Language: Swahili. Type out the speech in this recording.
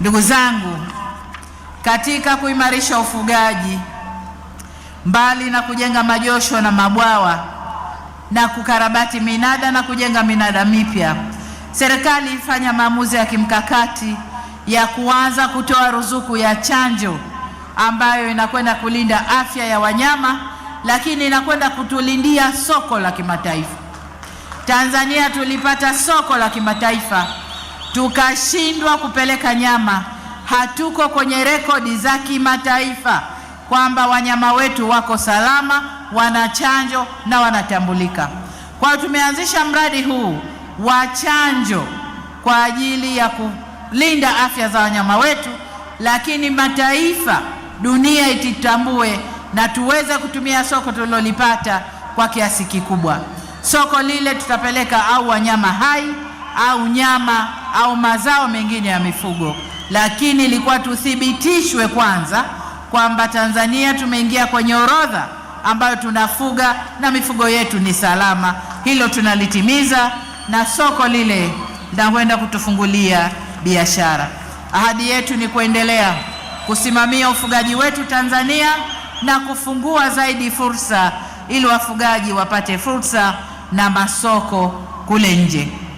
Ndugu zangu, katika kuimarisha ufugaji, mbali na kujenga majosho na mabwawa na kukarabati minada na kujenga minada mipya, serikali ifanya maamuzi ya kimkakati ya kuanza kutoa ruzuku ya chanjo ambayo inakwenda kulinda afya ya wanyama, lakini inakwenda kutulindia soko la kimataifa. Tanzania tulipata soko la kimataifa tukashindwa kupeleka nyama, hatuko kwenye rekodi za kimataifa kwamba wanyama wetu wako salama, wana chanjo na wanatambulika. Kwa hiyo tumeanzisha mradi huu wa chanjo kwa ajili ya kulinda afya za wanyama wetu, lakini mataifa dunia ititambue na tuweze kutumia soko tulilolipata kwa kiasi kikubwa. Soko lile tutapeleka au wanyama hai au nyama au mazao mengine ya mifugo, lakini ilikuwa tuthibitishwe kwanza kwamba Tanzania tumeingia kwenye orodha ambayo tunafuga na mifugo yetu ni salama. Hilo tunalitimiza na soko lile linakwenda kutufungulia biashara. Ahadi yetu ni kuendelea kusimamia ufugaji wetu Tanzania na kufungua zaidi fursa ili wafugaji wapate fursa na masoko kule nje.